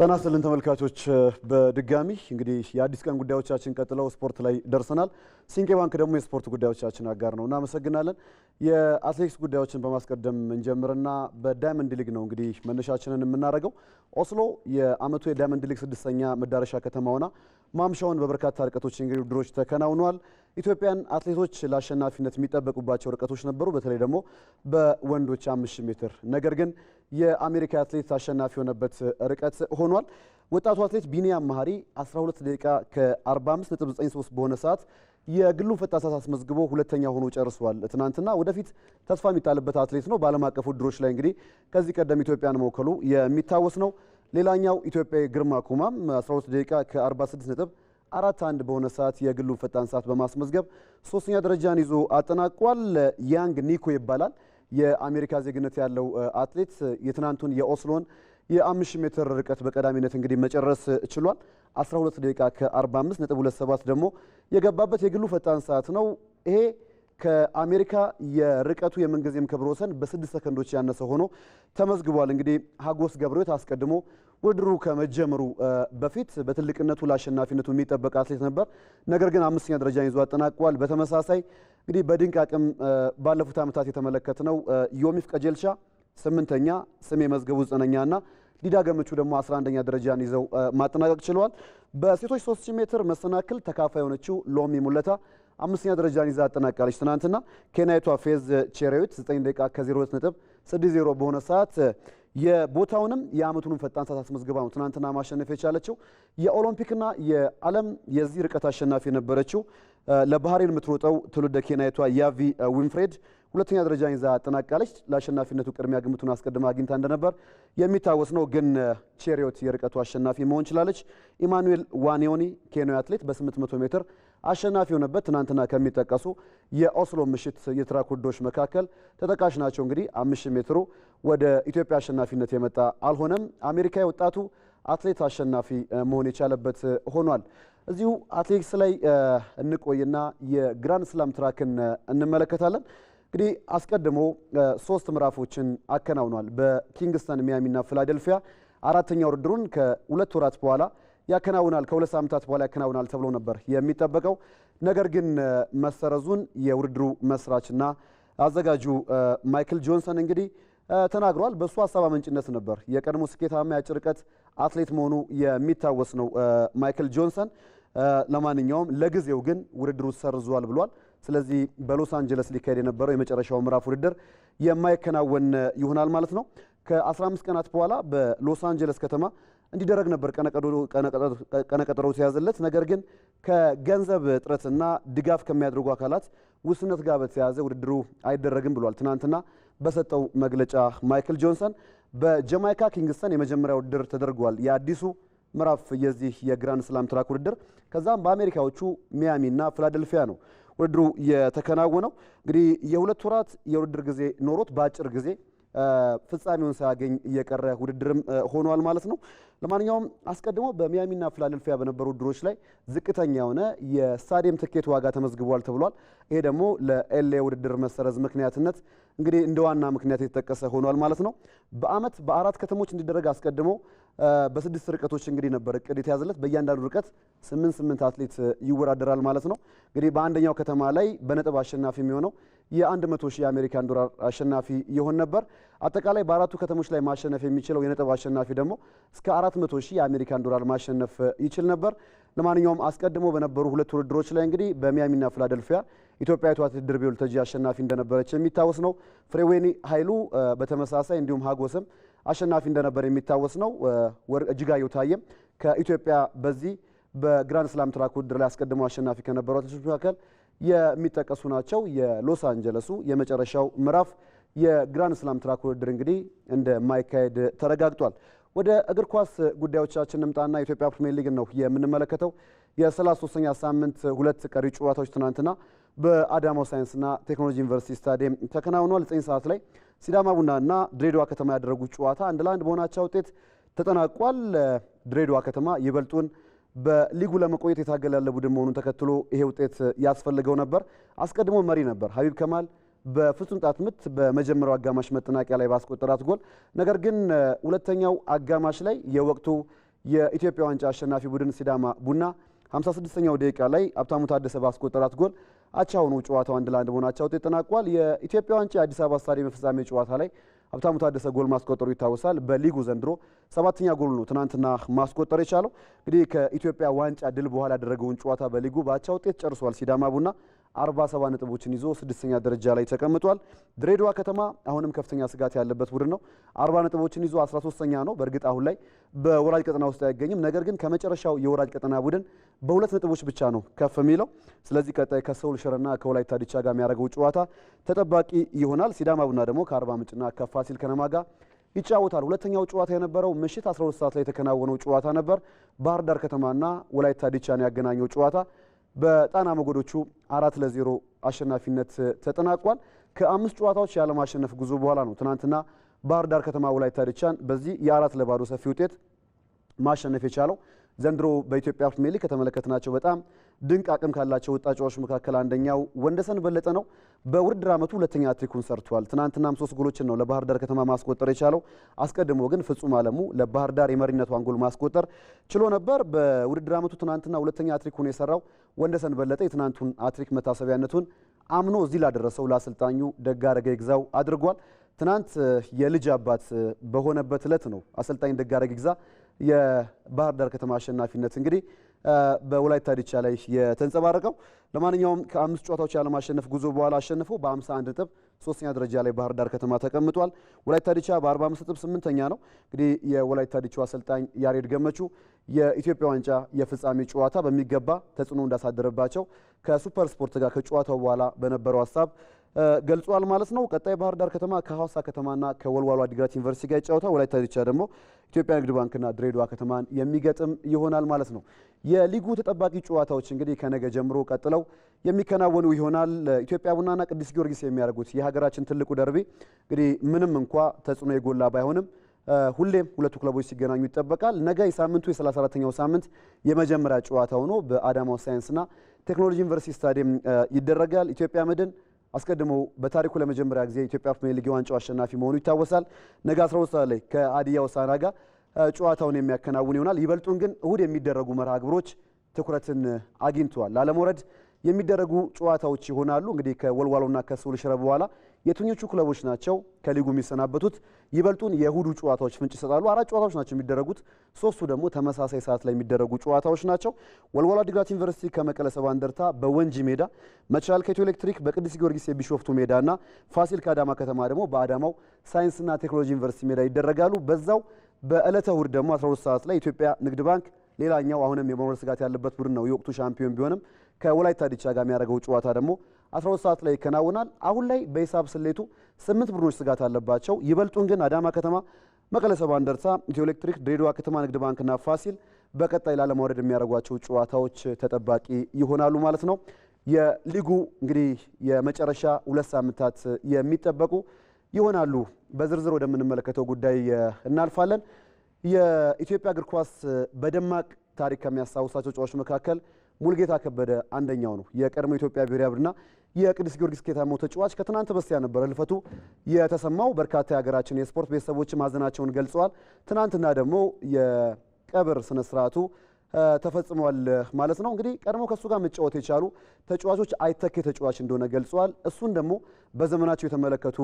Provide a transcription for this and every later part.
ጤና ይስጥልን ተመልካቾች፣ በድጋሚ እንግዲህ የአዲስ ቀን ጉዳዮቻችን ቀጥለው ስፖርት ላይ ደርሰናል። ሲንቄ ባንክ ደግሞ የስፖርት ጉዳዮቻችን አጋር ነው፣ እናመሰግናለን። የአትሌቲክስ ጉዳዮችን በማስቀደም እንጀምርና በዳይመንድ ሊግ ነው እንግዲህ መነሻችንን የምናደርገው። ኦስሎ የአመቱ የዳይመንድ ሊግ ስድስተኛ መዳረሻ ከተማ ሆና ማምሻውን በበርካታ ርቀቶች እንግዲህ ውድድሮች ተከናውነዋል። ኢትዮጵያን አትሌቶች ለአሸናፊነት የሚጠበቁባቸው ርቀቶች ነበሩ፣ በተለይ ደግሞ በወንዶች አምስት ሺህ ሜትር ነገር ግን የአሜሪካ አትሌት አሸናፊ የሆነበት ርቀት ሆኗል። ወጣቱ አትሌት ቢኒያም መሀሪ 12 ደቂቃ ከ45.93 በሆነ ሰዓት የግሉ ፈጣን ሰዓት አስመዝግቦ ሁለተኛ ሆኖ ጨርሷል። ትናንትና ወደፊት ተስፋ የሚጣልበት አትሌት ነው። በዓለም አቀፍ ውድድሮች ላይ እንግዲህ ከዚህ ቀደም ኢትዮጵያን መወከሉ የሚታወስ ነው። ሌላኛው ኢትዮጵያዊ ግርማ ኩማም 12 ደቂቃ ከ46 ነጥብ አራት አንድ በሆነ ሰዓት የግሉ ፈጣን ሰዓት በማስመዝገብ ሶስተኛ ደረጃን ይዞ አጠናቋል። ያንግ ኒኮ ይባላል። የአሜሪካ ዜግነት ያለው አትሌት የትናንቱን የኦስሎን የ ሺህ ሜትር ርቀት በቀዳሚነት እንግዲህ መጨረስ ችሏል። 12 ደቂቃ ከ45 ነጥብ 27 ደግሞ የገባበት የግሉ ፈጣን ሰዓት ነው ይሄ ከአሜሪካ የርቀቱ የምንጊዜም ክብረ ወሰን በስድስት ሰከንዶች ያነሰ ሆኖ ተመዝግቧል። እንግዲህ ሀጎስ ገብረሕይወት አስቀድሞ ውድድሩ ከመጀመሩ በፊት በትልቅነቱ ለአሸናፊነቱ የሚጠበቅ አትሌት ነበር። ነገር ግን አምስተኛ ደረጃን ይዞ አጠናቋል። በተመሳሳይ እንግዲህ በድንቅ አቅም ባለፉት ዓመታት የተመለከትነው ዮሚፍ ቀጀልቻ ስምንተኛ፣ ስሜ መዝገቡ ዘጠነኛና ዲዳ ገመቹ ደግሞ 11ኛ ደረጃን ይዘው ማጠናቀቅ ችለዋል። በሴቶች 3000 ሜትር መሰናክል ተካፋይ የሆነችው ሎሚ ሙለታ አምስተኛ ደረጃን ይዛ አጠናቃለች። ትናንትና ኬንያዊቷ ፌዝ ቼሬዊት 9 ደቂቃ ከ02 ነጥብ 60 በሆነ ሰዓት የቦታውንም የአመቱንም ፈጣን ሰዓት አስመዝግባ ነው ትናንትና ማሸነፍ የቻለችው። የኦሎምፒክና የዓለም የዚህ ርቀት አሸናፊ የነበረችው ለባህሬን የምትሮጠው ትውልደ ኬንያዊቷ ያቪ ዊንፍሬድ ሁለተኛ ደረጃ ይዛ አጠናቃለች። ለአሸናፊነቱ ቅድሚያ ግምቱን አስቀድማ አግኝታ እንደነበር የሚታወስ ነው። ግን ቼሪዮት የርቀቱ አሸናፊ መሆን ችላለች። ኢማኑኤል ዋኒዮኒ ኬንያዊ አትሌት በ800 ሜትር አሸናፊ የሆነበት ትናንትና ከሚጠቀሱ የኦስሎ ምሽት የትራክ ውዶች መካከል ተጠቃሽ ናቸው። እንግዲህ 5000 ሜትሩ ወደ ኢትዮጵያ አሸናፊነት የመጣ አልሆነም። አሜሪካ የወጣቱ አትሌት አሸናፊ መሆን የቻለበት ሆኗል። እዚሁ አትሌቲክስ ላይ እንቆይና የግራንድ ስላም ትራክን እንመለከታለን። እንግዲህ አስቀድሞ ሶስት ምዕራፎችን አከናውኗል። በኪንግስተን ሚያሚና ፊላደልፊያ አራተኛ ውድድሩን ከሁለት ወራት በኋላ ያከናውናል ከሁለት ሳምንታት በኋላ ያከናውናል ተብሎ ነበር የሚጠበቀው። ነገር ግን መሰረዙን የውድድሩ መስራችና አዘጋጁ ማይክል ጆንሰን እንግዲህ ተናግሯል። በእሱ ሀሳብ አመንጭነት ነበር የቀድሞ ስኬታማ የአጭር ርቀት አትሌት መሆኑ የሚታወስ ነው ማይክል ጆንሰን። ለማንኛውም ለጊዜው ግን ውድድሩ ሰርዟል ብሏል። ስለዚህ በሎስ አንጀለስ ሊካሄድ የነበረው የመጨረሻው ምዕራፍ ውድድር የማይከናወን ይሆናል ማለት ነው። ከ15 ቀናት በኋላ በሎስ አንጀለስ ከተማ እንዲደረግ ነበር ቀነቀጠሮ ተያዘለት። ነገር ግን ከገንዘብ እጥረትና ድጋፍ ከሚያደርጉ አካላት ውስነት ጋር በተያያዘ ውድድሩ አይደረግም ብሏል። ትናንትና በሰጠው መግለጫ ማይክል ጆንሰን በጀማይካ ኪንግስተን የመጀመሪያ ውድድር ተደርጓል የአዲሱ ምዕራፍ የዚህ የግራንድ ስላም ትራክ ውድድር። ከዛም በአሜሪካዎቹ ሚያሚና ፊላደልፊያ ነው ውድድሩ የተከናወነው። እንግዲህ የሁለት ወራት የውድድር ጊዜ ኖሮት በአጭር ጊዜ ፍጻሜውን ሳያገኝ እየቀረ ውድድርም ሆኗል ማለት ነው። ለማንኛውም አስቀድሞ በሚያሚና ፊላደልፊያ በነበሩ ውድድሮች ላይ ዝቅተኛ የሆነ የስታዲየም ትኬት ዋጋ ተመዝግቧል ተብሏል። ይሄ ደግሞ ለኤልኤ ውድድር መሰረዝ ምክንያትነት እንግዲህ እንደ ዋና ምክንያት የተጠቀሰ ሆኗል ማለት ነው። በአመት በአራት ከተሞች እንዲደረግ አስቀድሞ በስድስት ርቀቶች እንግዲህ ነበር እቅድ የተያዘለት። በእያንዳንዱ ርቀት ስምንት ስምንት አትሌት ይወዳደራል ማለት ነው። እንግዲህ በአንደኛው ከተማ ላይ በነጥብ አሸናፊ የሚሆነው የአንድ መቶ ሺህ የአሜሪካን ዶላር አሸናፊ ይሆን ነበር። አጠቃላይ በአራቱ ከተሞች ላይ ማሸነፍ የሚችለው የነጥብ አሸናፊ ደግሞ እስከ አራት መቶ ሺህ የአሜሪካን ዶላር ማሸነፍ ይችል ነበር። ለማንኛውም አስቀድሞ በነበሩ ሁለት ውድድሮች ላይ እንግዲህ በሚያሚና ፊላደልፊያ ኢትዮጵያዊቷ አትሌት ድርቤ ወልተጂ አሸናፊ እንደነበረች የሚታወስ ነው። ፍሬዌኒ ኃይሉ በተመሳሳይ እንዲሁም ሀጎስም አሸናፊ እንደነበር የሚታወስ ነው። እጅጋየሁ ታየም ከኢትዮጵያ በዚህ በግራንድ ስላም ትራክ ውድድር ላይ አስቀድሞ አሸናፊ ከነበሩ አትሌቶች መካከል የሚጠቀሱ ናቸው። የሎስ አንጀለሱ የመጨረሻው ምዕራፍ የግራንድ ስላም ትራክ ውድድር እንግዲህ እንደማይካሄድ ተረጋግጧል። ወደ እግር ኳስ ጉዳዮቻችን እንምጣና የኢትዮጵያ ፕሪሚየር ሊግ ነው የምንመለከተው። የ33ኛ ሳምንት ሁለት ቀሪ ጨዋታዎች ትናንትና በአዳማው ሳይንስና ቴክኖሎጂ ዩኒቨርሲቲ ስታዲየም ተከናውኗል። 9 ሰዓት ላይ ሲዳማ ቡና እና ድሬዳዋ ከተማ ያደረጉት ጨዋታ አንድ ለአንድ በሆናቸው ውጤት ተጠናቋል። ድሬዳዋ ከተማ ይበልጡን በሊጉ ለመቆየት የታገለ ያለ ቡድን መሆኑን ተከትሎ ይሄ ውጤት ያስፈልገው ነበር። አስቀድሞ መሪ ነበር ሀቢብ ከማል በፍጹም ቅጣት ምት በመጀመሪያው አጋማሽ መጠናቂያ ላይ ባስቆጠራት ጎል። ነገር ግን ሁለተኛው አጋማሽ ላይ የወቅቱ የኢትዮጵያ ዋንጫ አሸናፊ ቡድን ሲዳማ ቡና 56ኛው ደቂቃ ላይ ሀብታሙ ታደሰ ባስቆጠራት ጎል አቻ ሆኖ ጨዋታው አንድ ለአንድ መሆናቸው ተጠናቋል። የኢትዮጵያ ዋንጫ የአዲስ አበባ ስታዲየም የፍጻሜ ጨዋታ ላይ ሀብታሙ ታደሰ ጎል ማስቆጠሩ ይታወሳል። በሊጉ ዘንድሮ ሰባተኛ ጎል ነው ትናንትና ማስቆጠር የቻለው። እንግዲህ ከኢትዮጵያ ዋንጫ ድል በኋላ ያደረገውን ጨዋታ በሊጉ በአቻ ውጤት ጨርሷል ሲዳማ ቡና 47 ነጥቦችን ይዞ ስድስተኛ ደረጃ ላይ ተቀምጧል። ድሬዳዋ ከተማ አሁንም ከፍተኛ ስጋት ያለበት ቡድን ነው። 40 ነጥቦችን ይዞ 13ኛ ነው። በእርግጥ አሁን ላይ በወራጅ ቀጠና ውስጥ አይገኝም። ነገር ግን ከመጨረሻው የወራጅ ቀጠና ቡድን በሁለት ነጥቦች ብቻ ነው ከፍ የሚለው። ስለዚህ ቀጣይ ከሰውል ሽረና ከወላይታ ዲቻ ጋር የሚያደርገው ጨዋታ ተጠባቂ ይሆናል። ሲዳማ ቡና ደግሞ ከአርባ ምንጭና ከፋሲል ከነማ ጋር ይጫወታል። ሁለተኛው ጨዋታ የነበረው ምሽት 12 ሰዓት ላይ የተከናወነው ጨዋታ ነበር። ባህር ዳር ከተማና ወላይታ ዲቻን ያገናኘው ጨዋታ በጣና ሞገዶቹ አራት ለዜሮ አሸናፊነት ተጠናቋል። ከአምስት ጨዋታዎች ያለማሸነፍ ጉዞ በኋላ ነው ትናንትና ባህር ዳር ከተማ ወላይታ ድቻን በዚህ የአራት ለባዶ ሰፊ ውጤት ማሸነፍ የቻለው። ዘንድሮ በኢትዮጵያ ፕሪሚየር ሊግ ከተመለከትናቸው በጣም ድንቅ አቅም ካላቸው ወጣጫዎች መካከል አንደኛው ወንደሰን በለጠ ነው። በውድድር ዓመቱ ሁለተኛ ትሪኩን ሰርቷል። ትናንትናም ሶስት ጎሎችን ነው ለባህር ዳር ከተማ ማስቆጠር የቻለው። አስቀድሞ ግን ፍጹም አለሙ ለባህር ዳር የመሪነቷን ጎል ማስቆጠር ችሎ ነበር። በውድድር ዓመቱ ትናንትና ሁለተኛ ትሪኩን የሰራው ወንደሰን በለጠ የትናንቱን አትሪክ መታሰቢያነቱን አምኖ እዚህ ላደረሰው ለአሰልጣኙ ደጋረገ ይግዛው አድርጓል። ትናንት የልጅ አባት በሆነበት እለት ነው አሰልጣኝ ደጋረግ ይግዛ የባህር ዳር ከተማ አሸናፊነት እንግዲህ በወላይታ ዲቻ ላይ የተንጸባረቀው። ለማንኛውም ከአምስት ጨዋታዎች ያለማሸነፍ ጉዞ በኋላ አሸንፎ በ51 ነጥብ ሶስተኛ ደረጃ ላይ ባህር ዳር ከተማ ተቀምጧል። ወላይታ ዲቻ በ45 ነጥብ ስምንተኛ ነው። እንግዲህ የወላይታ ዲቻው አሰልጣኝ ያሬድ ገመቹ የኢትዮጵያ ዋንጫ የፍጻሜ ጨዋታ በሚገባ ተጽዕኖ እንዳሳደረባቸው ከሱፐር ስፖርት ጋር ከጨዋታው በኋላ በነበረው ሀሳብ ገልጿል ማለት ነው። ቀጣይ ባህር ዳር ከተማ ከሐዋሳ ከተማና ከወልዋሎ አዲግራት ዩኒቨርሲቲ ጋር ይጫወታል። ወላይታ ዲቻ ደግሞ ኢትዮጵያ ንግድ ባንክና ድሬዳዋ ከተማን የሚገጥም ይሆናል ማለት ነው። የሊጉ ተጠባቂ ጨዋታዎች እንግዲህ ከነገ ጀምሮ ቀጥለው የሚከናወኑ ይሆናል። ኢትዮጵያ ቡናና ቅዱስ ጊዮርጊስ የሚያደርጉት የሀገራችን ትልቁ ደርቢ እንግዲህ ምንም እንኳ ተጽዕኖ የጎላ ባይሆንም ሁሌም ሁለቱ ክለቦች ሲገናኙ ይጠበቃል። ነገ የሳምንቱ የ34ኛው ሳምንት የመጀመሪያ ጨዋታ ሆኖ በአዳማው ሳይንስና ቴክኖሎጂ ዩኒቨርሲቲ ስታዲየም ይደረጋል። ኢትዮጵያ መድን አስቀድሞ በታሪኩ ለመጀመሪያ ጊዜ የኢትዮጵያ ፕሪሚየር ሊግ ዋንጫው አሸናፊ መሆኑ ይታወሳል። ነገ 12 ሰዓት ላይ ከሀዲያ ሆሳዕና ጋር ጨዋታውን የሚያከናውን ይሆናል። ይበልጡን ግን እሁድ የሚደረጉ መርሃ ግብሮች ትኩረትን አግኝተዋል። ላለመውረድ የሚደረጉ ጨዋታዎች ይሆናሉ። እንግዲህ ከወልዋሎና ከሱል ሽረ በኋላ የትኞቹ ክለቦች ናቸው ከሊጉ የሚሰናበቱት? ይበልጡን የእሁዱ ጨዋታዎች ፍንጭ ይሰጣሉ። አራት ጨዋታዎች ናቸው የሚደረጉት፣ ሶስቱ ደግሞ ተመሳሳይ ሰዓት ላይ የሚደረጉ ጨዋታዎች ናቸው። ወልዋሎ ዓዲግራት ዩኒቨርሲቲ ከመቀለ ሰባ እንደርታ በወንጂ ሜዳ፣ መቻል ከኢትዮ ኤሌክትሪክ በቅዱስ ጊዮርጊስ የቢሾፍቱ ሜዳና ፋሲል ከአዳማ ከተማ ደግሞ በአዳማው ሳይንስና ቴክኖሎጂ ዩኒቨርሲቲ ሜዳ ይደረጋሉ። በዛው በዕለተ እሁድ ደግሞ 12 ሰዓት ላይ ኢትዮጵያ ንግድ ባንክ ሌላኛው አሁንም የመኖር ስጋት ያለበት ቡድን ነው። የወቅቱ ሻምፒዮን ቢሆንም ከወላይታ ዲቻ ጋር የሚያደርገው ጨዋታ ደግሞ 12 ሰዓት ላይ ይከናወናል። አሁን ላይ በሂሳብ ስሌቱ ስምንት ቡድኖች ስጋት አለባቸው። ይበልጡን ግን አዳማ ከተማ፣ መቀለ ሰባ እንደርታ፣ ኢትዮ ኤሌክትሪክ፣ ድሬዳዋ ከተማ ንግድ ባንክና ፋሲል በቀጣይ ላለማውረድ የሚያደርጓቸው ጨዋታዎች ተጠባቂ ይሆናሉ ማለት ነው። የሊጉ እንግዲህ የመጨረሻ ሁለት ሳምንታት የሚጠበቁ ይሆናሉ። በዝርዝር ወደምንመለከተው ጉዳይ እናልፋለን። የኢትዮጵያ እግር ኳስ በደማቅ ታሪክ ከሚያስታውሳቸው ጨዋቾች መካከል ሙልጌታ ከበደ አንደኛው ነው። የቀድሞ ኢትዮጵያ ብሔራዊ ቡድንና የቅዱስ ጊዮርጊስ ስኬታማው ተጫዋች ከትናንት በስቲያ ነበረ ህልፈቱ የተሰማው። በርካታ የሀገራችን የስፖርት ቤተሰቦች ማዘናቸውን ገልጸዋል። ትናንትና ደግሞ የቀብር ስነስርዓቱ ተፈጽሟል ማለት ነው። እንግዲህ ቀድሞ ከእሱ ጋር መጫወት የቻሉ ተጫዋቾች አይተኬ ተጫዋች እንደሆነ ገልጸዋል። እሱን ደግሞ በዘመናቸው የተመለከቱ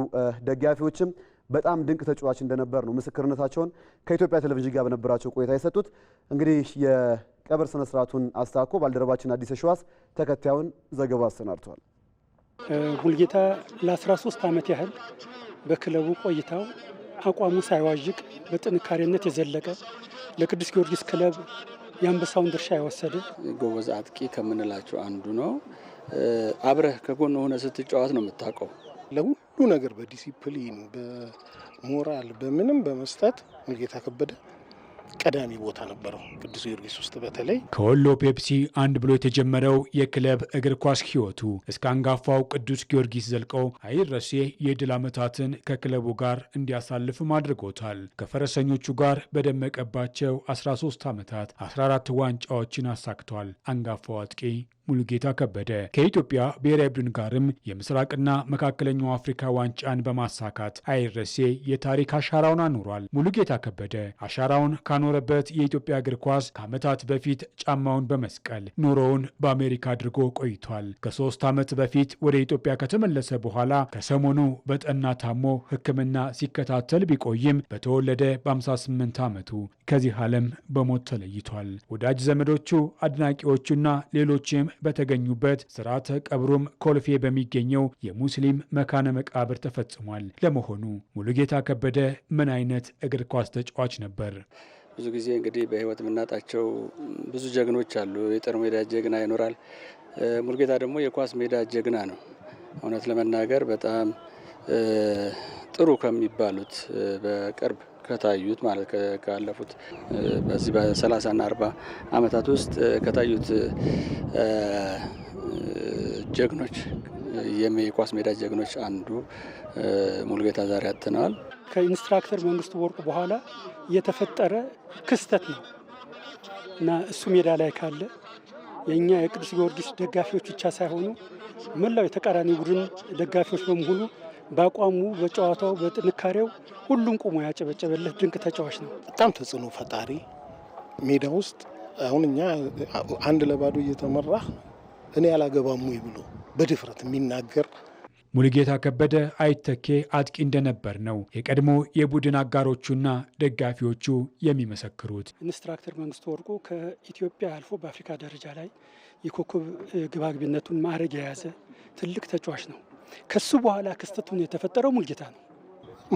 ደጋፊዎችም በጣም ድንቅ ተጫዋች እንደነበር ነው ምስክርነታቸውን ከኢትዮጵያ ቴሌቪዥን ጋር በነበራቸው ቆይታ የሰጡት። እንግዲህ የቀብር ስነስርዓቱን አስታኮ ባልደረባችን አዲስ ሸዋስ ተከታዩን ዘገባ አሰናድቷል። ሙልጌታ ለ13 ዓመት ያህል በክለቡ ቆይታው አቋሙ ሳይዋዥቅ በጥንካሬነት የዘለቀ ለቅዱስ ጊዮርጊስ ክለብ የአንበሳውን ድርሻ የወሰደ ጎበዝ አጥቂ ከምንላቸው አንዱ ነው። አብረህ ከጎን ሆነ ስትጫወት ነው የምታውቀው። ለሁሉ ነገር በዲሲፕሊን፣ በሞራል፣ በምንም በመስጠት ሙልጌታ ከበደ ቀዳሚ ቦታ ነበረው ቅዱስ ጊዮርጊስ ውስጥ በተለይ ከወሎ ፔፕሲ አንድ ብሎ የተጀመረው የክለብ እግር ኳስ ህይወቱ እስከ አንጋፋው ቅዱስ ጊዮርጊስ ዘልቆ አይረሴ የድል ዓመታትን ከክለቡ ጋር እንዲያሳልፍም አድርጎታል። ከፈረሰኞቹ ጋር በደመቀባቸው 13 ዓመታት 14 ዋንጫዎችን አሳክቷል። አንጋፋው አጥቂ ሙሉጌታ ከበደ ከኢትዮጵያ ብሔራዊ ቡድን ጋርም የምስራቅና መካከለኛው አፍሪካ ዋንጫን በማሳካት አይረሴ የታሪክ አሻራውን አኑሯል። ሙሉጌታ ከበደ አሻራውን ካኖረበት የኢትዮጵያ እግር ኳስ ከዓመታት በፊት ጫማውን በመስቀል ኑሮውን በአሜሪካ አድርጎ ቆይቷል። ከሶስት ዓመት በፊት ወደ ኢትዮጵያ ከተመለሰ በኋላ ከሰሞኑ በጠና ታሞ ሕክምና ሲከታተል ቢቆይም በተወለደ በ58 ዓመቱ ከዚህ ዓለም በሞት ተለይቷል። ወዳጅ ዘመዶቹ፣ አድናቂዎቹና ሌሎችም በተገኙበት ስርዓተ ቀብሩም ኮልፌ በሚገኘው የሙስሊም መካነ መቃብር ተፈጽሟል። ለመሆኑ ሙሉጌታ ከበደ ምን አይነት እግር ኳስ ተጫዋች ነበር? ብዙ ጊዜ እንግዲህ በህይወት የምናጣቸው ብዙ ጀግኖች አሉ። የጦር ሜዳ ጀግና ይኖራል። ሙሉጌታ ደግሞ የኳስ ሜዳ ጀግና ነው። እውነት ለመናገር በጣም ጥሩ ከሚባሉት በቅርብ ከታዩት ማለት ካለፉት በዚህ በሰላሳና አርባ አመታት ውስጥ ከታዩት ጀግኖች የኳስ ሜዳ ጀግኖች አንዱ ሙሉጌታ ዛሬ አጥተነዋል። ከኢንስትራክተር መንግስቱ ወርቁ በኋላ የተፈጠረ ክስተት ነው እና እሱ ሜዳ ላይ ካለ የእኛ የቅዱስ ጊዮርጊስ ደጋፊዎች ብቻ ሳይሆኑ መላው የተቃራኒ ቡድን ደጋፊዎች በመሆኑ በአቋሙ በጨዋታው በጥንካሬው ሁሉም ቁሞ ያጨበጨበለት ድንቅ ተጫዋች ነው። በጣም ተጽዕኖ ፈጣሪ ሜዳ ውስጥ አሁን እኛ አንድ ለባዶ እየተመራ እኔ ያላገባሙ ብሎ በድፍረት የሚናገር ሙሉጌታ ከበደ አይተኬ አጥቂ እንደነበር ነው የቀድሞ የቡድን አጋሮቹና ደጋፊዎቹ የሚመሰክሩት። ኢንስትራክተር መንግስቱ ወርቁ ከኢትዮጵያ አልፎ በአፍሪካ ደረጃ ላይ የኮከብ ግባግቢነቱን ማዕረግ የያዘ ትልቅ ተጫዋች ነው። ከሱ በኋላ ክስተቱ የተፈጠረው ሙልጌታ ነው።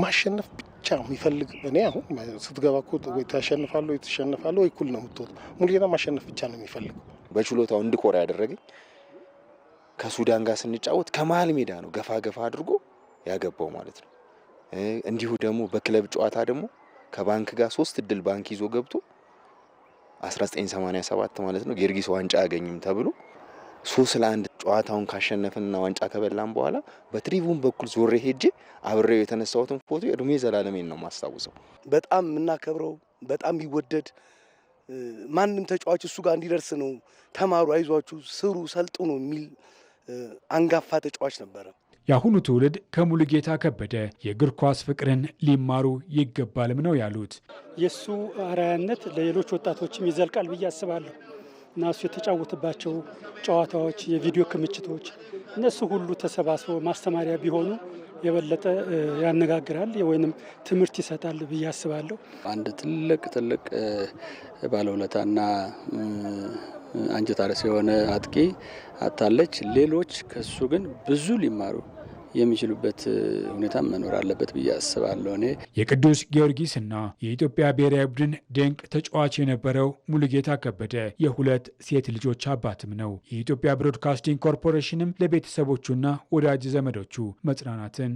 ማሸነፍ ብቻ የሚፈልግ እኔ አሁን ስትገባ እኮ ወይ ታሸንፋለህ ወይ ትሸነፋለህ ወይ እኩል ነው የምትወጡ። ሙልጌታ ማሸነፍ ብቻ ነው የሚፈልግ። በችሎታው እንድኮራ ያደረገኝ ከሱዳን ጋር ስንጫወት ከመሀል ሜዳ ነው ገፋ ገፋ አድርጎ ያገባው ማለት ነው። እንዲሁ ደግሞ በክለብ ጨዋታ ደግሞ ከባንክ ጋር ሶስት እድል ባንክ ይዞ ገብቶ 1987 ማለት ነው ጊዮርጊስ ዋንጫ አያገኝም ተብሎ ሶስት ለአንድ ጨዋታውን ካሸነፍንና ዋንጫ ከበላን በኋላ በትሪቡን በኩል ዞሬ ሄጄ አብሬው የተነሳሁትን ፎቶ እድሜ ዘላለሜን ነው ማስታውሰው። በጣም የምናከብረው በጣም የሚወደድ ማንም ተጫዋች እሱ ጋር እንዲደርስ ነው ተማሩ፣ አይዟችሁ፣ ስሩ፣ ሰልጥኑ የሚል አንጋፋ ተጫዋች ነበረ። የአሁኑ ትውልድ ከሙሉጌታ ከበደ የእግር ኳስ ፍቅርን ሊማሩ ይገባልም ነው ያሉት። የእሱ አርአያነት ለሌሎች ወጣቶችም ይዘልቃል ብዬ አስባለሁ። እና እሱ የተጫወተባቸው ጨዋታዎች፣ የቪዲዮ ክምችቶች እነሱ ሁሉ ተሰባስበው ማስተማሪያ ቢሆኑ የበለጠ ያነጋግራል ወይንም ትምህርት ይሰጣል ብዬ አስባለሁ። አንድ ትልቅ ትልቅ ባለውለታና አንጀት አርስ የሆነ አጥቂ አታለች። ሌሎች ከሱ ግን ብዙ ሊማሩ የሚችሉበት ሁኔታ መኖር አለበት ብዬ አስባለሁ። እኔ የቅዱስ ጊዮርጊስና የኢትዮጵያ ብሔራዊ ቡድን ድንቅ ተጫዋች የነበረው ሙሉጌታ ከበደ የሁለት ሴት ልጆች አባትም ነው። የኢትዮጵያ ብሮድካስቲንግ ኮርፖሬሽንም ለቤተሰቦቹና ወዳጅ ዘመዶቹ መጽናናትን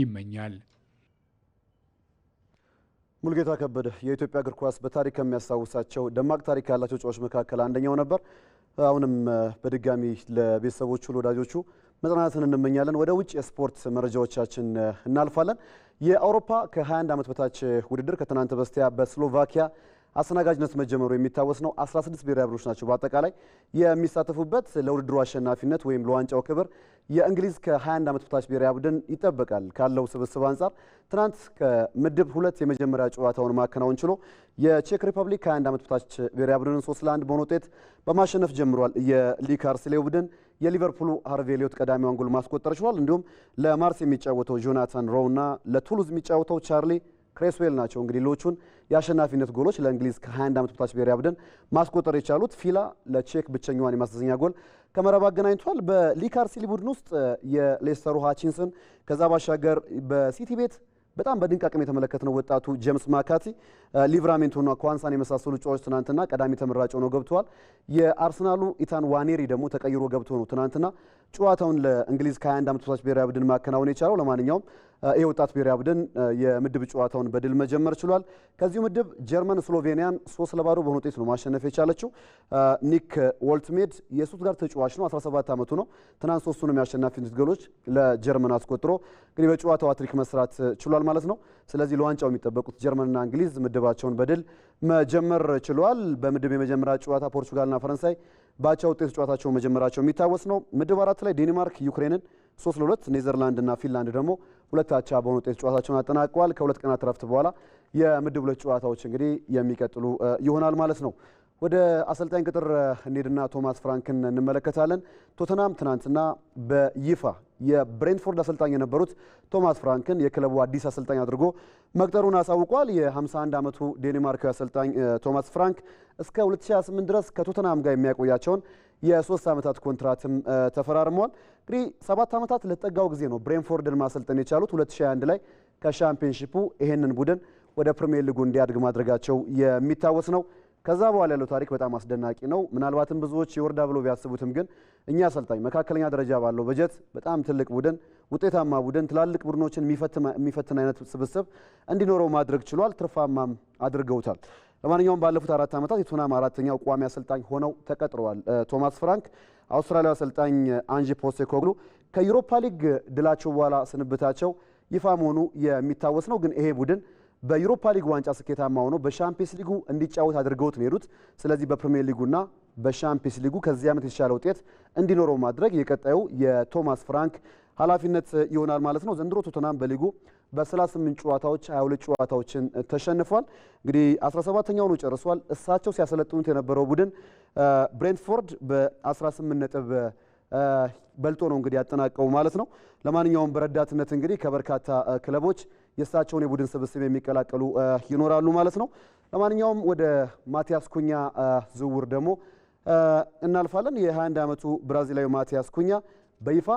ይመኛል። ሙልጌታ ከበደ የኢትዮጵያ እግር ኳስ በታሪክ ከሚያስታውሳቸው ደማቅ ታሪክ ያላቸው ጨዋቾች መካከል አንደኛው ነበር። አሁንም በድጋሚ ለቤተሰቦቹ ለወዳጆቹ መጽናናትን እንመኛለን። ወደ ውጭ የስፖርት መረጃዎቻችን እናልፋለን። የአውሮፓ ከ21 ዓመት በታች ውድድር ከትናንት በስቲያ በስሎቫኪያ አስተናጋጅነት መጀመሩ የሚታወስ ነው። 16 ብሔራዊ ቡድኖች ናቸው በአጠቃላይ የሚሳተፉበት። ለውድድሩ አሸናፊነት ወይም ለዋንጫው ክብር የእንግሊዝ ከ21 ዓመት በታች ብሔራዊ ቡድን ይጠበቃል። ካለው ስብስብ አንጻር ትናንት ከምድብ ሁለት የመጀመሪያ ጨዋታውን ማከናወን ችሎ የቼክ ሪፐብሊክ ከ21 ዓመት በታች ብሔራዊ ቡድንን 3 ለ1 በሆነ ውጤት በማሸነፍ ጀምሯል። የሊካርስሌው ቡድን የሊቨርፑሉ ሃርቪ ሊዮት ቀዳሚዋን ጎል ማስቆጠር ችሏል። እንዲሁም ለማርስ የሚጫወተው ጆናታን ሮው እና ለቱሉዝ የሚጫወተው ቻርሊ ክሬስዌል ናቸው። እንግዲህ ሌሎቹን የአሸናፊነት ጎሎች ለእንግሊዝ ከ21 ዓመት በታች ብሔራዊ ቡድን ማስቆጠር የቻሉት ፊላ ለቼክ ብቸኛዋን የማስተዘኛ ጎል ከመረብ አገናኝቷል። በሊካርሲሊ ቡድን ውስጥ የሌስተሩ ሃቺንስን ከዛ ባሻገር በሲቲ ቤት በጣም በድንቅ አቅም የተመለከትነው ወጣቱ ጀምስ ማካቲ ሊቨራሜንቶና ኳንሳን የመሳሰሉ ጨዋቾች ትናንትና ቀዳሚ ተመራጭ ሆነው ገብተዋል። የአርሰናሉ ኢታን ዋኔሪ ደግሞ ተቀይሮ ገብቶ ነው ትናንትና ጨዋታውን ለእንግሊዝ ከ21 ዓመት በታች ብሔራዊ ቡድን ማከናወን የቻለው። ለማንኛውም ይህ ወጣት ብሔራዊ ቡድን የምድብ ጨዋታውን በድል መጀመር ችሏል። ከዚሁ ምድብ ጀርመን ስሎቬኒያን ሶስት ለባዶ በሆነ ውጤት ነው ማሸነፍ የቻለችው። ኒክ ዎልትሜድ የሱትጋር ተጫዋች ነው። 17 ዓመቱ ነው። ትናንት ሶስቱንም የአሸናፊነት ጎሎች ለጀርመን አስቆጥሮ እንግዲህ በጨዋታው አትሪክ መስራት ችሏል ሆኗል ማለት ነው። ስለዚህ ለዋንጫው የሚጠበቁት ጀርመንና እንግሊዝ ምድባቸውን በድል መጀመር ችሏል። በምድብ የመጀመሪያ ጨዋታ ፖርቹጋልና ፈረንሳይ በአቻ ውጤት ጨዋታቸውን መጀመራቸው የሚታወስ ነው። ምድብ አራት ላይ ዴንማርክ ዩክሬንን ሶስት ለሁለት ኔዘርላንድና ፊንላንድ ደግሞ ሁለት አቻ በሆነ ውጤት ጨዋታቸውን አጠናቀዋል። ከሁለት ቀናት ረፍት በኋላ የምድብ ሁለት ጨዋታዎች እንግዲህ የሚቀጥሉ ይሆናል ማለት ነው። ወደ አሰልጣኝ ቅጥር እንሄድና ቶማስ ፍራንክን እንመለከታለን። ቶተናም ትናንትና በይፋ የብሬንትፎርድ አሰልጣኝ የነበሩት ቶማስ ፍራንክን የክለቡ አዲስ አሰልጣኝ አድርጎ መቅጠሩን አሳውቋል። የ51 ዓመቱ ዴንማርካዊ አሰልጣኝ ቶማስ ፍራንክ እስከ 2028 ድረስ ከቶተናም ጋር የሚያቆያቸውን የሶስት ዓመታት ኮንትራትም ተፈራርመዋል። እንግዲህ ሰባት ዓመታት ለተጠጋው ጊዜ ነው ብሬንፎርድን ማሰልጠን የቻሉት 2021 ላይ ከሻምፒዮንሺፑ ይሄንን ቡድን ወደ ፕሪሚየር ሊጉ እንዲያድግ ማድረጋቸው የሚታወስ ነው። ከዛ በኋላ ያለው ታሪክ በጣም አስደናቂ ነው። ምናልባትም ብዙዎች ይወርዳ ብሎ ቢያስቡትም ግን እኛ አሰልጣኝ መካከለኛ ደረጃ ባለው በጀት በጣም ትልቅ ቡድን፣ ውጤታማ ቡድን፣ ትላልቅ ቡድኖችን የሚፈትን አይነት ስብስብ እንዲኖረው ማድረግ ችሏል። ትርፋማም አድርገውታል። ለማንኛውም ባለፉት አራት ዓመታት የቱናም አራተኛው ቋሚ አሰልጣኝ ሆነው ተቀጥረዋል። ቶማስ ፍራንክ አውስትራሊያ አሰልጣኝ አንጂ ፖስቴኮግሉ ከዩሮፓ ሊግ ድላቸው በኋላ ስንብታቸው ይፋ መሆኑ የሚታወስ ነው። ግን ይሄ ቡድን በዩሮፓ ሊግ ዋንጫ ስኬታማ ሆኖ በሻምፒየንስ ሊጉ እንዲጫወት አድርገውት ነው የሄዱት። ስለዚህ በፕሪሚየር ሊጉና በሻምፒየንስ ሊጉ ከዚህ ዓመት የተሻለ ውጤት እንዲኖረው ማድረግ የቀጣዩ የቶማስ ፍራንክ ኃላፊነት ይሆናል ማለት ነው። ዘንድሮ ቶተናም በሊጉ በ38 ጨዋታዎች 22 ጨዋታዎችን ተሸንፏል። እንግዲህ 17ኛው ነው ጨርሷል። እሳቸው ሲያሰለጥኑት የነበረው ቡድን ብሬንትፎርድ በ18 ነጥብ በልጦ ነው እንግዲህ ያጠናቀው ማለት ነው። ለማንኛውም በረዳትነት እንግዲህ ከበርካታ ክለቦች የእሳቸውን የቡድን ስብስብ የሚቀላቀሉ ይኖራሉ ማለት ነው። ለማንኛውም ወደ ማቲያስ ኩኛ ዝውውር ደግሞ እናልፋለን። የ21 ዓመቱ ብራዚላዊ ማቲያስ ኩኛ በይፋ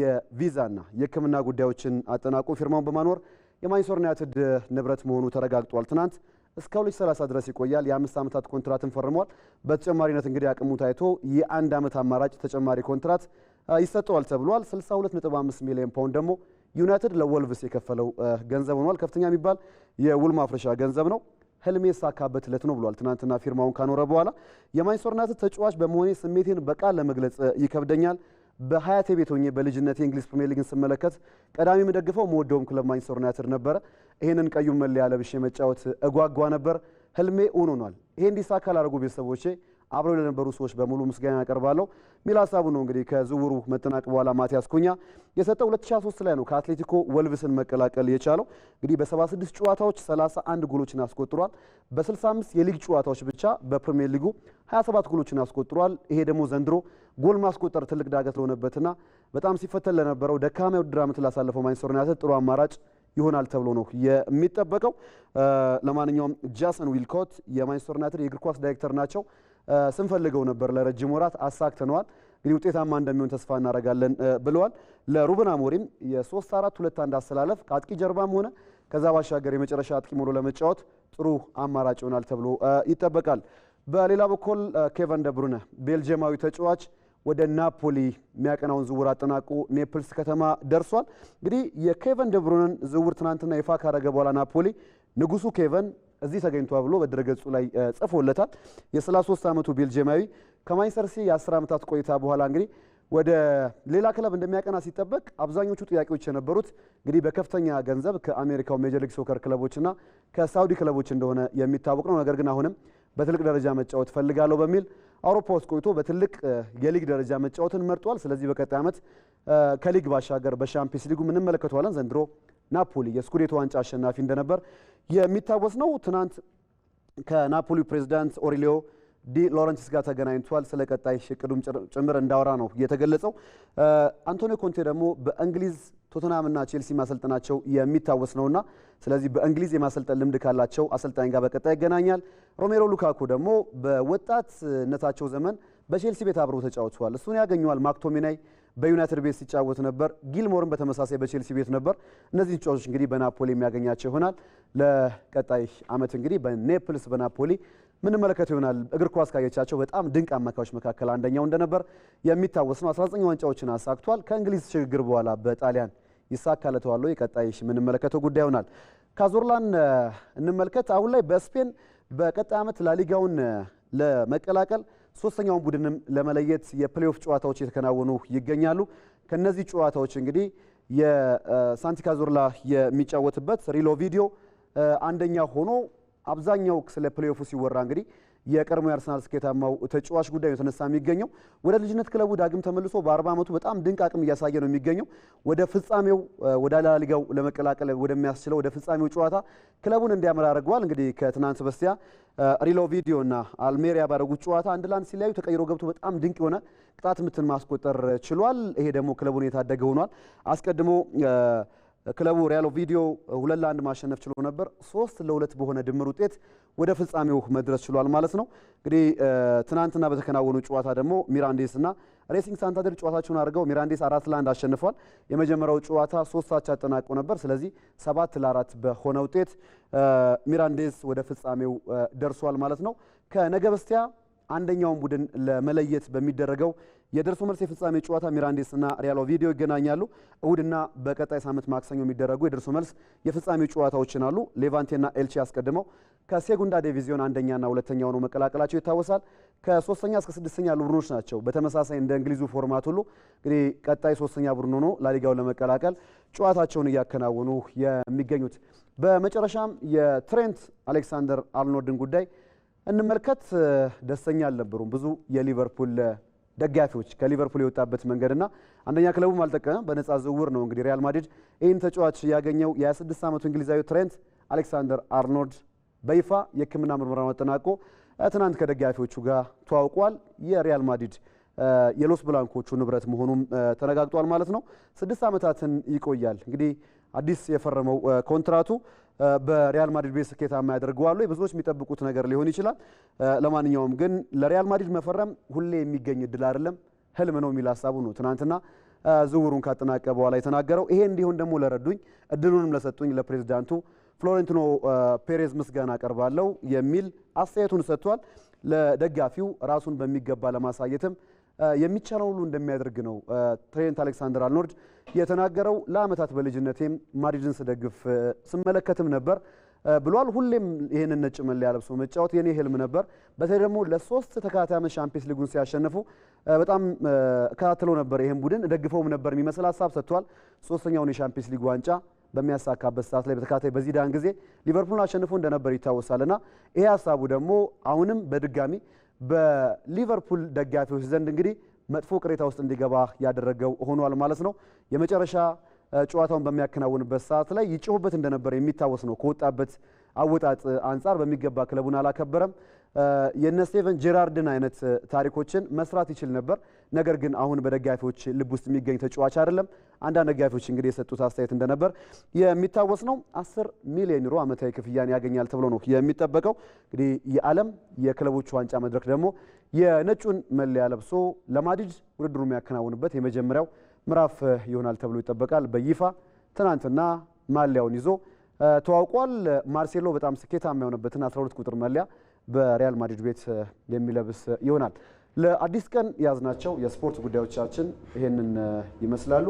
የቪዛና የሕክምና ጉዳዮችን አጠናቆ ፊርማውን በማኖር የማንቸስተር ዩናይትድ ንብረት መሆኑ ተረጋግጧል። ትናንት እስከ 2030 ድረስ ይቆያል። የአምስት ዓመታት ኮንትራትን ፈርሟል። በተጨማሪነት እንግዲህ አቅሙ ታይቶ የአንድ ዓመት አማራጭ ተጨማሪ ኮንትራት ይሰጠዋል ተብሏል። 62.5 ሚሊዮን ፓውንድ ደግሞ ዩናይትድ ለወልቭስ የከፈለው ገንዘብ ሆኗል። ከፍተኛ የሚባል የውል ማፍረሻ ገንዘብ ነው። ህልሜ ሳካበት እለት ነው ብሏል። ትናንትና ፊርማውን ካኖረ በኋላ የማንቸስተር ዩናይትድ ተጫዋች በመሆኔ ስሜቴን በቃል ለመግለጽ ይከብደኛል። በሀያቴ ቤት ሆኜ በልጅነት የእንግሊዝ ፕሪሚየር ሊግን ስመለከት ቀዳሚ የምደግፈው መወደውም ክለብ ማንቸስተር ዩናይትድ ነበረ። ይህንን ቀዩ መለያ ለብሼ መጫወት እጓጓ ነበር። ህልሜ እውን ሆኗል። ይሄ እንዲሳካ ላደረጉ ቤተሰቦቼ አብረው ለነበሩ ሰዎች በሙሉ ምስጋና ያቀርባለሁ ሚል ሀሳቡ ነው። እንግዲህ ከዝውውሩ መጠናቀቅ በኋላ ማቲያስ ኩኛ የሰጠው 2023 ላይ ነው ከአትሌቲኮ ወልቭስን መቀላቀል የቻለው። እንግዲህ በ76 ጨዋታዎች 31 ጎሎችን አስቆጥሯል። በ65 የሊግ ጨዋታዎች ብቻ በፕሪሚየር ሊጉ 27 ጎሎችን አስቆጥሯል። ይሄ ደግሞ ዘንድሮ ጎል ማስቆጠር ትልቅ ዳገት ለሆነበትና በጣም ሲፈተን ለነበረው ደካማ ውድድር ዓመት ላሳለፈው ማንቸስተር ዩናይትድ ጥሩ አማራጭ ይሆናል ተብሎ ነው የሚጠበቀው። ለማንኛውም ጃሰን ዊልኮት የማንቸስተር ዩናይትድ የእግር ኳስ ዳይሬክተር ናቸው። ስንፈልገው ነበር ለረጅም ወራት አሳክተነዋል። እንግዲህ ውጤታማ እንደሚሆን ተስፋ እናደርጋለን ብለዋል። ለሩበን አሞሪም የሶስት አራት ሁለት አንድ አሰላለፍ ከአጥቂ ጀርባም ሆነ ከዛ ባሻገር የመጨረሻ አጥቂ ሆኖ ለመጫወት ጥሩ አማራጭ ይሆናል ተብሎ ይጠበቃል። በሌላ በኩል ኬቨን ደብሩነ ቤልጅየማዊ ተጫዋች ወደ ናፖሊ የሚያቀናውን ዝውውር አጠናቆ ኔፕልስ ከተማ ደርሷል። እንግዲህ የኬቨን ደብሩነን ዝውውር ትናንትና ይፋ ካደረገ በኋላ ናፖሊ ንጉሱ ኬቨን እዚህ ተገኝቷ ብሎ በድረገጹ ላይ ጽፎለታል። የ33 ዓመቱ ቤልጅየማዊ ከማንችስተር ሲቲ የ10 ዓመታት ቆይታ በኋላ እንግዲህ ወደ ሌላ ክለብ እንደሚያቀና ሲጠበቅ አብዛኞቹ ጥያቄዎች የነበሩት እንግዲህ በከፍተኛ ገንዘብ ከአሜሪካው ሜጀር ሊግ ሶከር ክለቦችና ከሳውዲ ክለቦች እንደሆነ የሚታወቅ ነው። ነገር ግን አሁንም በትልቅ ደረጃ መጫወት ፈልጋለሁ በሚል አውሮፓ ውስጥ ቆይቶ በትልቅ የሊግ ደረጃ መጫወትን መርጧል። ስለዚህ በቀጣይ ዓመት ከሊግ ባሻገር በሻምፒየንስ ሊጉ እንመለከተዋለን። ዘንድሮ ናፖሊ የስኩዴቶ ዋንጫ አሸናፊ እንደነበር የሚታወስ ነው። ትናንት ከናፖሊ ፕሬዚዳንት ኦሪሊዮ ዲ ሎረንቲስ ጋር ተገናኝቷል። ስለ ቀጣይ ሽቅዱም ጭምር እንዳወራ ነው የተገለጸው። አንቶኒዮ ኮንቴ ደግሞ በእንግሊዝ ቶተናምና ቼልሲ ማሰልጠናቸው የሚታወስ ነውና ስለዚህ በእንግሊዝ የማሰልጠን ልምድ ካላቸው አሰልጣኝ ጋር በቀጣይ ይገናኛል። ሮሜሮ ሉካኩ ደግሞ በወጣትነታቸው ዘመን በቼልሲ ቤት አብረው ተጫውተዋል። እሱን ያገኘዋል ማክቶሚናይ በዩናይትድ ቤት ሲጫወት ነበር። ጊልሞርን በተመሳሳይ በቼልሲ ቤት ነበር። እነዚህ ተጫዋቾች እንግዲህ በናፖሊ የሚያገኛቸው ይሆናል። ለቀጣይ ዓመት እንግዲህ በኔፕልስ በናፖሊ ምንመለከተው ይሆናል። እግር ኳስ ካየቻቸው በጣም ድንቅ አማካዮች መካከል አንደኛው እንደነበር የሚታወስ ነው። 19 ዋንጫዎችን አሳክቷል። ከእንግሊዝ ሽግግር በኋላ በጣሊያን ይሳካለተዋለው የቀጣይ የምንመለከተው ጉዳይ ይሆናል። ካዞርላን እንመልከት። አሁን ላይ በስፔን በቀጣይ ዓመት ላሊጋውን ለመቀላቀል ሶስተኛውን ቡድንም ለመለየት የፕሌኦፍ ጨዋታዎች የተከናወኑ ይገኛሉ። ከነዚህ ጨዋታዎች እንግዲህ የሳንቲ ካዞርላ የሚጫወትበት ሪሎ ቪዲዮ አንደኛ ሆኖ አብዛኛው ስለ ፕሌኦፉ ሲወራ እንግዲህ የቀድሞ የአርሰናል ስኬታማው ተጫዋች ጉዳይ የተነሳ የሚገኘው ወደ ልጅነት ክለቡ ዳግም ተመልሶ በ40 ዓመቱ በጣም ድንቅ አቅም እያሳየ ነው የሚገኘው። ወደ ፍጻሜው ወደ ላሊጋው ለመቀላቀል ወደሚያስችለው ወደ ፍጻሜው ጨዋታ ክለቡን እንዲያመራ አድርገዋል። እንግዲህ ከትናንት በስቲያ ሪሎ ቪዲዮ እና አልሜሪያ ባደረጉት ጨዋታ አንድ ላንድ ሲለያዩ ተቀይሮ ገብቶ በጣም ድንቅ የሆነ ቅጣት ምትን ማስቆጠር ችሏል። ይሄ ደግሞ ክለቡን የታደገ ሆኗል። አስቀድሞ ክለቡ ሪያሎ ቪዲዮ ሁለት ለአንድ ማሸነፍ ችሎ ነበር። ሶስት ለሁለት በሆነ ድምር ውጤት ወደ ፍጻሜው መድረስ ችሏል ማለት ነው። እንግዲህ ትናንትና በተከናወኑ ጨዋታ ደግሞ ሚራንዴስ እና ሬሲንግ ሳንታደር ጨዋታቸውን አድርገው ሚራንዴስ አራት ለአንድ አሸንፏል። የመጀመሪያው ጨዋታ ሶስት አቻ አጠናቆ ነበር። ስለዚህ ሰባት ለአራት በሆነ ውጤት ሚራንዴስ ወደ ፍጻሜው ደርሷል ማለት ነው። ከነገ በስቲያ አንደኛውን ቡድን ለመለየት በሚደረገው የደርሶ መልስ የፍጻሜ ጨዋታ ሚራንዴስና ሪያል ኦቪዲዮ ይገናኛሉ። እሁድና በቀጣይ ሳምንት ማክሰኞ የሚደረጉ የደርሶ መልስ የፍጻሜ ጨዋታዎችን አሉ። ሌቫንቴና ኤልቺ አስቀድመው ከሴጉንዳ ዲቪዚዮን አንደኛና ሁለተኛ ሆኖ መቀላቀላቸው ይታወሳል። ከሶስተኛ እስከ ስድስተኛ ያሉ ቡድኖች ናቸው። በተመሳሳይ እንደ እንግሊዙ ፎርማት ሁሉ እንግዲህ ቀጣይ ሶስተኛ ቡድን ሆኖ ላሊጋውን ለመቀላቀል ጨዋታቸውን እያከናወኑ የሚገኙት። በመጨረሻም የትሬንት አሌክሳንደር አርኖልድን ጉዳይ እንመልከት። ደስተኛ አልነበሩም ብዙ የሊቨርፑል ደጋፊዎች ከሊቨርፑል የወጣበት መንገድና አንደኛ ክለቡም አልጠቀመም። በነፃ ዝውውር ነው እንግዲህ ሪያል ማድሪድ ይህን ተጫዋች ያገኘው። የ26 ዓመቱ እንግሊዛዊ ትሬንት አሌክሳንደር አርኖልድ በይፋ የሕክምና ምርመራ አጠናቆ ትናንት ከደጋፊዎቹ ጋር ተዋውቋል። የሪያል ማድሪድ የሎስ ብላንኮቹ ንብረት መሆኑም ተረጋግጧል ማለት ነው። ስድስት ዓመታትን ይቆያል እንግዲህ አዲስ የፈረመው ኮንትራቱ በሪያል ማድሪድ ቤት ስኬታማ ያደርገዋል ወይ? ብዙዎች የሚጠብቁት ነገር ሊሆን ይችላል። ለማንኛውም ግን ለሪያል ማድሪድ መፈረም ሁሌ የሚገኝ እድል አይደለም፣ ህልም ነው የሚል ሀሳቡ ነው ትናንትና ዝውውሩን ካጠናቀ በኋላ የተናገረው። ይሄ እንዲሆን ደግሞ ለረዱኝ እድሉንም ለሰጡኝ ለፕሬዚዳንቱ ፍሎሬንቲኖ ፔሬዝ ምስጋና አቀርባለሁ የሚል አስተያየቱን ሰጥቷል። ለደጋፊው ራሱን በሚገባ ለማሳየትም የሚቻለው ሁሉ እንደሚያደርግ ነው ትሬንት አሌክሳንደር አልኖርድ የተናገረው። ለአመታት በልጅነቴም ማድሪድን ስደግፍ ስመለከትም ነበር ብሏል። ሁሌም ይህንን ነጭ መለያ ለብሶ መጫወት የኔ ህልም ነበር። በተለይ ደግሞ ለሶስት ተከታታይ ዓመት ሻምፒየንስ ሊጉን ሲያሸንፉ በጣም እከታተለው ነበር፣ ይህም ቡድን ደግፈውም ነበር የሚመስል ሀሳብ ሰጥቷል። ሶስተኛውን የሻምፒየንስ ሊግ ዋንጫ በሚያሳካበት ሰዓት ላይ በተከታታይ በዚዳን ጊዜ ሊቨርፑልን አሸንፎ እንደነበር ይታወሳልና ይሄ ሀሳቡ ደግሞ አሁንም በድጋሚ በሊቨርፑል ደጋፊዎች ዘንድ እንግዲህ መጥፎ ቅሬታ ውስጥ እንዲገባ ያደረገው ሆኗል ማለት ነው። የመጨረሻ ጨዋታውን በሚያከናውንበት ሰዓት ላይ ይጮህበት እንደነበረ የሚታወስ ነው። ከወጣበት አወጣጥ አንጻር በሚገባ ክለቡን አላከበረም። የነ ስቴቨን ጄራርድን አይነት ታሪኮችን መስራት ይችል ነበር። ነገር ግን አሁን በደጋፊዎች ልብ ውስጥ የሚገኝ ተጫዋች አይደለም። አንዳንድ ደጋፊዎች እንግዲህ የሰጡት አስተያየት እንደነበር የሚታወስ ነው። አስር ሚሊዮን ዩሮ ዓመታዊ ክፍያን ያገኛል ተብሎ ነው የሚጠበቀው። እንግዲህ የዓለም የክለቦች ዋንጫ መድረክ ደግሞ የነጩን መለያ ለብሶ ለማድሪድ ውድድሩ የሚያከናውንበት የመጀመሪያው ምዕራፍ ይሆናል ተብሎ ይጠበቃል። በይፋ ትናንትና ማሊያውን ይዞ ተዋውቋል። ማርሴሎ በጣም ስኬታማ የሆነበትን 12 ቁጥር መለያ በሪያል ማድሪድ ቤት የሚለብስ ይሆናል። ለአዲስ ቀን ያዝናቸው የስፖርት ጉዳዮቻችን ይህንን ይመስላሉ።